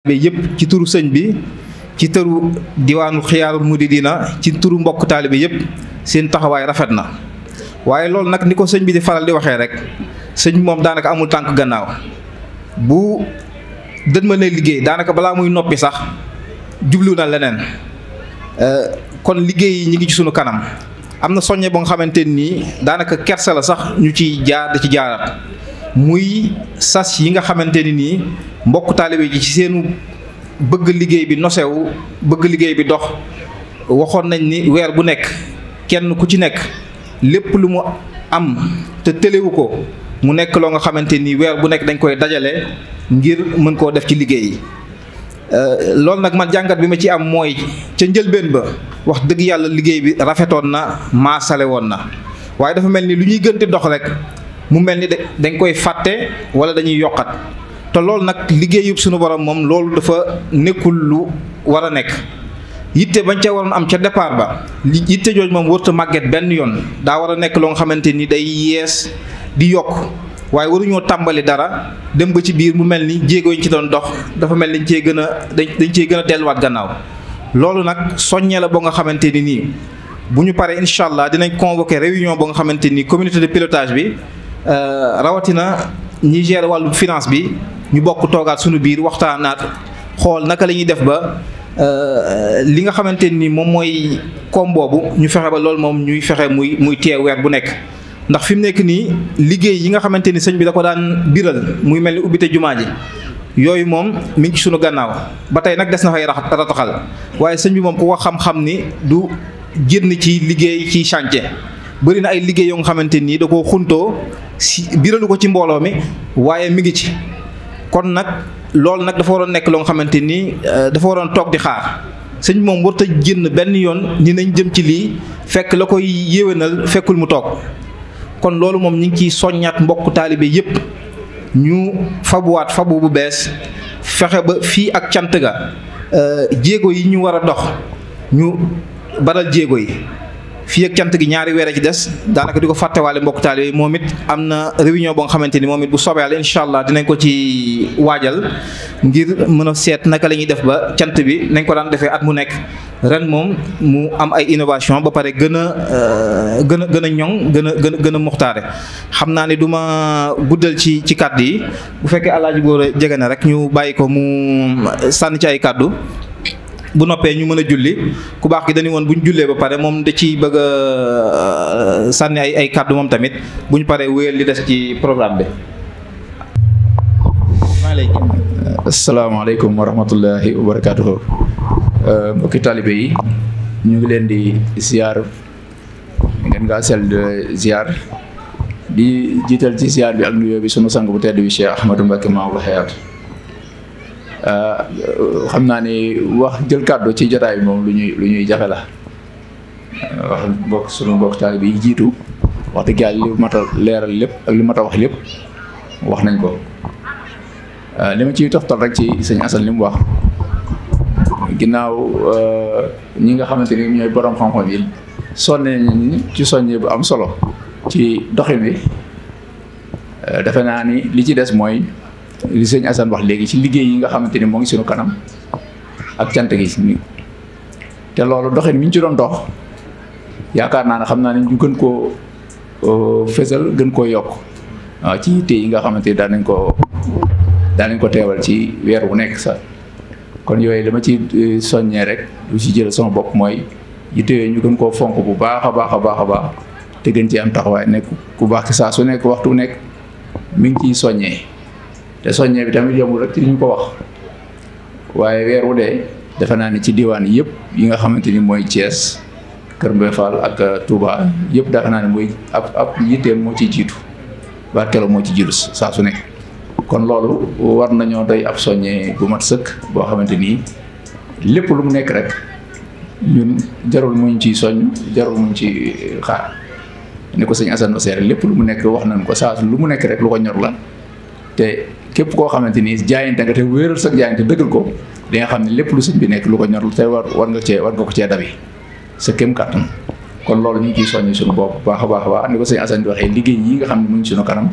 be yep ci turu señ bi ci teru diwaanu xiyaarul mudidina ci turu mbok taalibe yep seen taxaway rafetna waye lol nak niko señ bi di faral di waxe rek señ mom danaka amul tank gannaaw bu deñ ma lay liggey danaka bala muy noppi sax djublu na euh kon liggey yi ñi ngi ci sunu kanam amna soñe bo nga xamante kersa la sax ñu ci jaar da ci jaar muy sas yi nga xamanteni ni mbokk taalibe ji ci seenu bëgg liggéey bi nosewu bëgg liggéey bi dox waxoon nañ ni weer bu nekk kenn ku ci nekk lépp lu mu am te téléwu ko mu nekk loo nga xamante ni weer bu nekk dañ koy dajale ngir mën koo def ci liggéey yi euh, loolu nag ma jàngat bi ma ci am mooy ca njëlbeen ba wax dëgg yàlla liggéey bi rafetoon na maasale woon na waaye dafa mel ni lu ñuy gënte dox rek mu mel ni dañ koy fàtte wala dañuy yokkat te loolu nag liggéeyub suñu borom moom loolu dafa nekkul lu war a nekk yitte bañ ca waroon am ca départ ba yitte jooj moom wërta màgget benn yoon daa war a nekk loo nga xamante ni day yees di yokk waaye waruñoo tàmbali dara dem ba ci biir mu mel ni jéego yi ci doon dox dafa mel dañ cee gën a dañ cee gën a delluwaat gannaaw loolu nag soññee la boo nga xamante ni nii bu ñu paree incha allah dinañ convoqué réunion boo nga xamante ni communauté de pilotage bi euh, rawatina ñi gère wàllu finance bi ñu bokk toogaat suñu biir waxtaanaat xool naka la ñuy def ba euh, li nga xamante nii moom mooy koom boobu ñu fexe ba loolu moom ñuy fexe muy muy teew weer bu nekk. ndax fi mu nekk nii liggéey yi nga xamante ni sëñ bi da ko daan biral muy mel ni ubbite jumaa ji yooyu moom mi ngi sunu gannaaw ba tey nag des na fay rataxal waaye sëñ bi moom ku ko xam-xam ni du génn ci liggéey ci chantier. bëri na ay liggéey yoo nga xamante nii da koo xuntoo si biralu ko ci mbooloo mi waaye mi ngi ci kon nag loolu nag dafa waroon nekk loo nga xamante ni euh, dafa waroon toog di xaar sëñ moom warut a benn yoon ni nañ jëm ci lii fekk la koy yéwénal fekkul mu toog kon loolu moom ñu ngi ciy soññaat mbokku taalibe yépp ñu fabuwaat fabu bu bees fexe ba fii ak cant ga euh, jéego yi ñu war a dox ñu baral jéego yi. fii ak cant gi ñaari weer a ci des daanaka di ko fàttewaale mbokk taal yooyu moom it am na réunion boo nga xamante ni moom it bu soobee yàlla incha allah dinañ ko ci waajal ngir mën a seet naka la ñuy def ba cant bi nañ ko daan defee at mu nekk ren moom mu am ay innovation ba pare gën a euh, gën a gën a ñoŋ gën a gën a gën a muxtaare xam naa ne du ma guddal ci ci kàdd yi bu fekkee alaaji góor a jege na rek ñu bàyyi ko mu sànni ci ay kàddu bu noppee ñu mën a julli ku baax gi dañu woon bu ñu jullee ba pare moom da ciy bëgg a euh, sànni ay ay kàddu moom tamit bu ñu paree wéyal li des ci programme bi. asalaamaaleykum wa rahmatullahi wa barakaatuhu euh, mbokki yi ñu ngi leen di ziar ngeen ngaa sel de di jiital ci ziar bi ak nuyoo bi sunu sang bu tedd bi Cheikh Ahmadou Mbacké Maoul Hayaat Euh, xam naa ni wax jël kàddu ci jotaay bi moom lu ñuy lu ñuy jafe la euh, wax bokk sunu mbokk taalibe yi jiitu wax dëgg yàlla li mat a leeral lépp ak li mat a wax lépp wax nañ ko euh, li ma ciy toftal rek ci sëñ Assane li mu wax ginnaaw ñi nga xamante ni ñooy borom xam-xam yi sonne nañ ci soññe bu am solo ci doxin bi defe naa ni li ci des mooy li sëñ Assane wax léegi ci liggéey yi nga xamante ni moo ngi suñu kanam ak cant gi si te loolu doxin mi ngi ci doon dox yaakaar naa ne xam naa ne ñu gën koo euh, fësal gën koo yokk waaw ci yitte yi nga xamante ni daal nañ ko daan nañ ko teewal ci weer wu nekk sax kon yooyu dama ci euh, soññee rek lu ci jël sama bopp mooy yitte yooyu ñu gën koo fonk bu baax a baax a baax a baax te gën ci am taxawaay nekk ku baax ci saa su nekk waxtu nekk mi ngi ciy soññee. te soñe bi tamit yomul rek ci ñu ko wax waye wéru dé dee na ni ci diwan yépp yi nga xamanteni ni ties Kër mbé Fall ak eh, Touba yëpp defe na ni moy ap ap yité mo ci jitu barkelo mo ci jirus sa su nek kon loolu war nañu doy ap soññee bu mat sëkk bo xamanteni ni lépp lu mu nek rek ñun jarul muñ ci soñ jarul muñ ci eh, xaar ni ko señ Assane Seere lepp lu mu nek wax nañ ko sa lu mu nek rek lu ko ñor la te. képp koo xamante ni jaayante nga te wéeral sa jaayante dëggal ko di nga xam ne lépp lu sëñ bi nekk lu ko ñor lu tey war war nga cee war ko cee dabi sa kéem kàttan kon loolu ñu ngi ciy suñu bopp baax a baax a baax ni ko sëñ Assane waxee liggéey yi xam ne mu ngi suñu kanam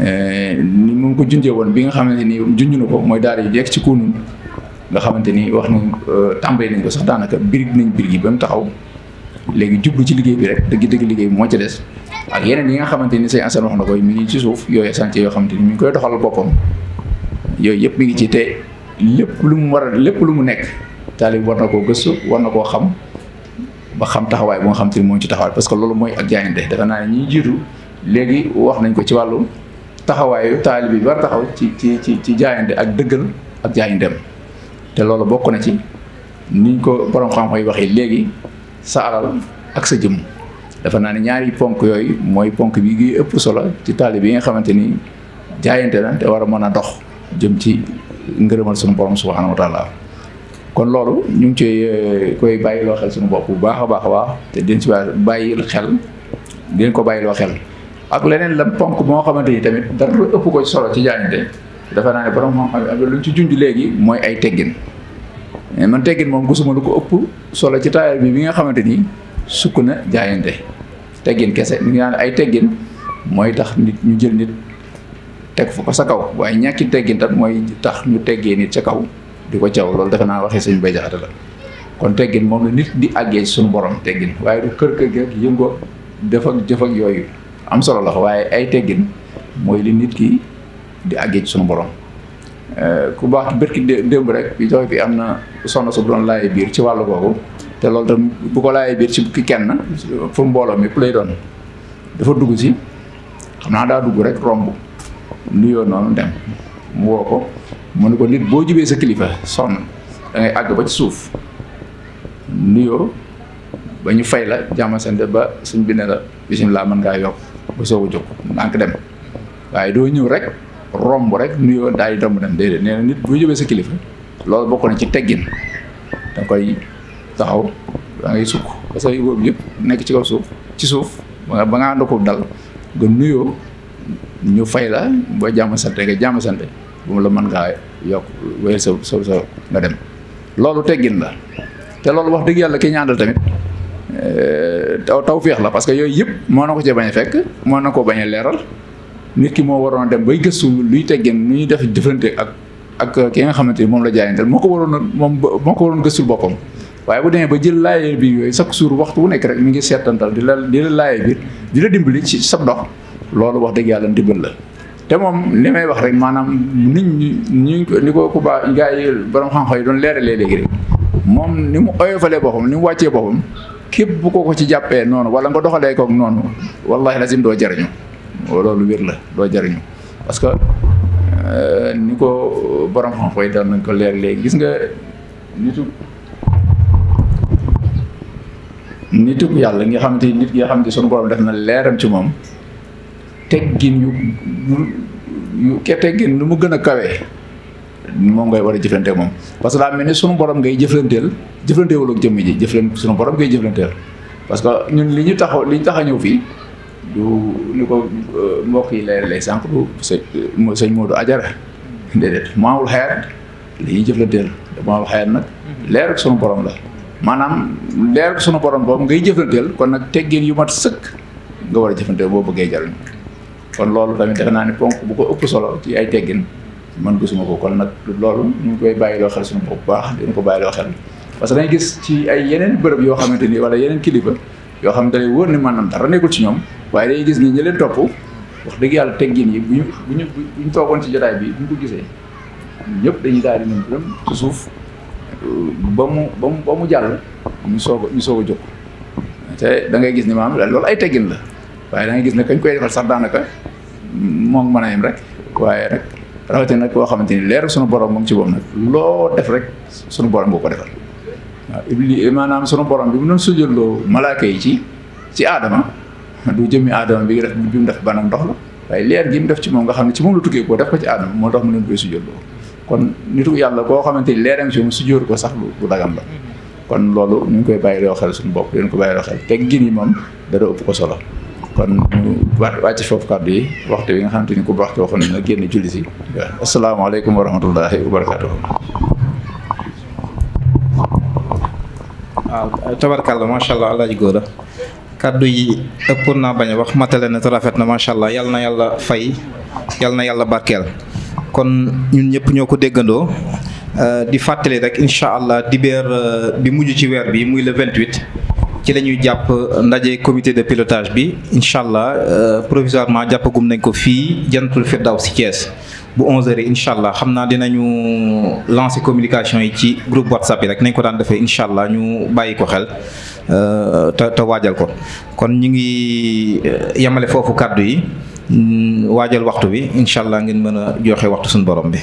eh, ni mu ko junjee woon bi nga xamante ni junj na ko mooy daara yi jekk ci kunun nga xamante ni wax nañ euh, tàmbali nañ ko sax daanaka birig nañ birig yi ba mu taxaw léegi jublu ci liggéey bi rek dëgg dëgg liggéey bi moo ci des ak yeneen yi nga xamanteni say sëñ wax na ko mi ngi ci suuf yooyu chantier yoo xamanteni mi ngi koy doxal boppam yooyu yëpp mi ngi ci te lépp lu mu war a lépp lu mu nekk taalib war na koo gëstu war na koo xam ba xam taxawaay bu nga xamante ni moo ci taxawaay parce que loolu mooy ak jaayante dafa naa ñi ñuy jiitu léegi wax nañ ko ci wàllu taxawaayu taalib yi war taxaw ci ci ci ci jaayante ak dëggal ak jaayanteem te loolu bokk na ci niñ ko borom xam-xam waxee sa alal ak sa jëmm dafa naa ñaari ponk yooyu mooy ponk bi gi ëpp solo ci taali bi nga xamante ni jaayante na te war a mën a dox jëm ci ngërëmal sunu borom subhanahu wa taala kon loolu ñu ngi cee eh, koy bàyyiloo xel sunu bopp bu baax a baax a baax te dinañ ci bàyyil xel dinañ ko bàyyiloo xel ak leneen la ponk moo xamante ni tamit dara ëpp ko ci solo ci jaayante dafa naa ne borom xam-xam am luñ ci junj léegi mooy ay teggin eh, man teggin moom gusuma lu ko ëpp solo ci taayal bi bi nga xamante ni sukk na jaayante teggin kese ñu naan ay teggin mooy tax nit ñu jël nit teg fa ko sa kaw waaye ñàkki teggin tak mooy tax ñu tegin nit ca kaw di ko caw loolu defe naa waxee la kon teggin mo la nit di àggee suñu borom teggin waaye du kër kër kër yëngoo def ak jëf ak am solo la ay teggin mo li nit ki di àggee sun suñu borom eh, ku baax ki bërki démb rek bi bi am na su doon laay biir ci wàllu googu te loolu tam bu ko laajee biir ci ki kenn fu mbooloo mi lay doon dafa dugg si xam naa daa dugg rek romb nuyoo noonu dem mu woo ko mu ne ko nit boo jubee sa kilifa sonn da àgg ba ci suuf nuyoo ba ñu fay la jàmm sante ba suñ bi ne la bisimilah mën ngaa yokk ba soog a jóg ndànk dem waaye doo ñëw rek romb rek nuyoo daal di romb dem déedéet nee na nit boo jubee sa kilifa loolu bokk na ci teggin da koy. taxaw da ngay sukk parce que boobu yëpp nekk ci kaw suuf ci suuf ba nga ànd dal nga nuyo ñu fay la boo jàmm sante nga jàmm sante bu mu la man nga yok wéyal sa sa sa nga dem lolu teggin la te lolu wax deug yalla ki ñaanal tamit euh taw féex la parce que yoy yëpp mo nako ci bañ a fekk moo na bañ leral nit ki mo waron dem bay gëstu luy teggin ñuy def jëfante ak ak ki nga xamanteni mom la jaayantal moo ko waroon moom moo ko waroon gëstul boppam waaye bu demee ba jël laayee bi yooyu chaque jour waxtu wu nekk rek mi ngi seetantal di la di la laayee biir di la dimbali ci sab dox loolu wax dëgg yàlla ndimbal la. te moom li may wax rek maanaam nit ñi ñu ni ko ku baa borom xam yi doon leeralee léegi moom ni mu oyofalee boppam ni mu wàccee boppam képp bu ko ko ci jàppee noonu wala nga doxalee kook noonu wallahi lazim doo jariñu loolu wér la doo jariñu parce que euh, ni ko borom xam-xam doon nañ ko leer léegi gis nga nitu nituk yàlla nga xamante nit ki nga xamante sunu borom def na leeram ci moom teggin yu yu ke teggin lu mu gën a kawee moom ngay war a jëflante moom parce que daa mel ni sunu borom ngay jëflanteel jëflantewul ak jëmm ji jëflante sunu borom ngay jëflanteel parce que ñun li ñu taxaw li ñu tax a ñëw fii du ni ko euh, mbokk yi leer lay sànq du sëñ sëñ Modou Ajara déedéet maamul xayat li ñuy jëflanteel maamul xayat nag mm-hmm. leer ak sunu borom la maanaam leer sunu borom boobu ngay jëfanteel kon nag teggin yu mat sëkk nga war a jëfanteel boo bëggee jariñ kon loolu tamit defe naa ne ponk bu ko ëpp solo ci ay teggin man gisuma ko kon nag loolu ñu ngi koy bàyyi loo xel suñu bopp bu baax dina ko bàyyi loo xel parce que dañuy gis ci ay yeneen bërëb yoo xamante ni wala yeneen kilifa yoo xam ne wóor ni maanaam dara nekkul ci ñoom waaye dañuy gis ni ñi leen topp wax dëgg yàlla teggin yi bu ñu bu ñu ñu toogoon ci jotaay bi bu ñu ko gisee ñëpp dañuy daal di ñoom ci suuf ba mu ba mu ba mu jàll ñu soog a ñu soog a jóg te da ngay gis ni maanaam loolu ay teggin la waaye da ngay gis ne kañ koy defal sax daanaka moom mën a rek waaye rek rawatina nag boo xamante ni leer sunu borom mu ci boobu nag loo def rek sunu borom boo ko defal waaw ibli maanaam sunu bi mu doon sujjalloo malaaka yi ci ci aadama du jëmmi aadama bi def bi mu def banam ndox la waaye leer gi mu def ci moom nga xam ne ci moom la tukkee koo def ko ci aadama moo tax mu leen koy sujjalloo kon nitu yalla ko xamanteni leeram ci mu su jóor ko sax lu dagam la kon lolu ñu koy bayyi bàyyiloo xel suñu bopp leen ko bàyyiloo xel te gini mom moom dara upp ko solo kon wacc fof foofu kàddu yi waxtu bi nga xamanteni ku baxte waxon na genn julli ci assalamu alaykum wa rahmatullahi wa barakatuh waaw tabarkàlla allah ji góora kaddu yi epp na bañ wax matale na te na macha allah yal na yalla fay yal na yalla barkel kon ñun ñëpp ñoo ko déggandoo euh, di fàttali rek incha allah dibeer euh, bi mujj ci weer bi muy le 28 ci lañuy jàpp ndaje comité de pilotage bi incha allah euh, provisoirement jàppagum nañ ko fii jantul firdaw si Thiès bu 11 incha allah xam naa dinañu lancé communication yi ci groupe whatsapp yi rek nañ ko daan defee incha allah ñu bàyyi ko xel. te te waajal ko kon ñu ngi yemale foofu kàddu yi. waajal waxtu bi incha allah ngeen mën a joxe waxtu suñu borom bi.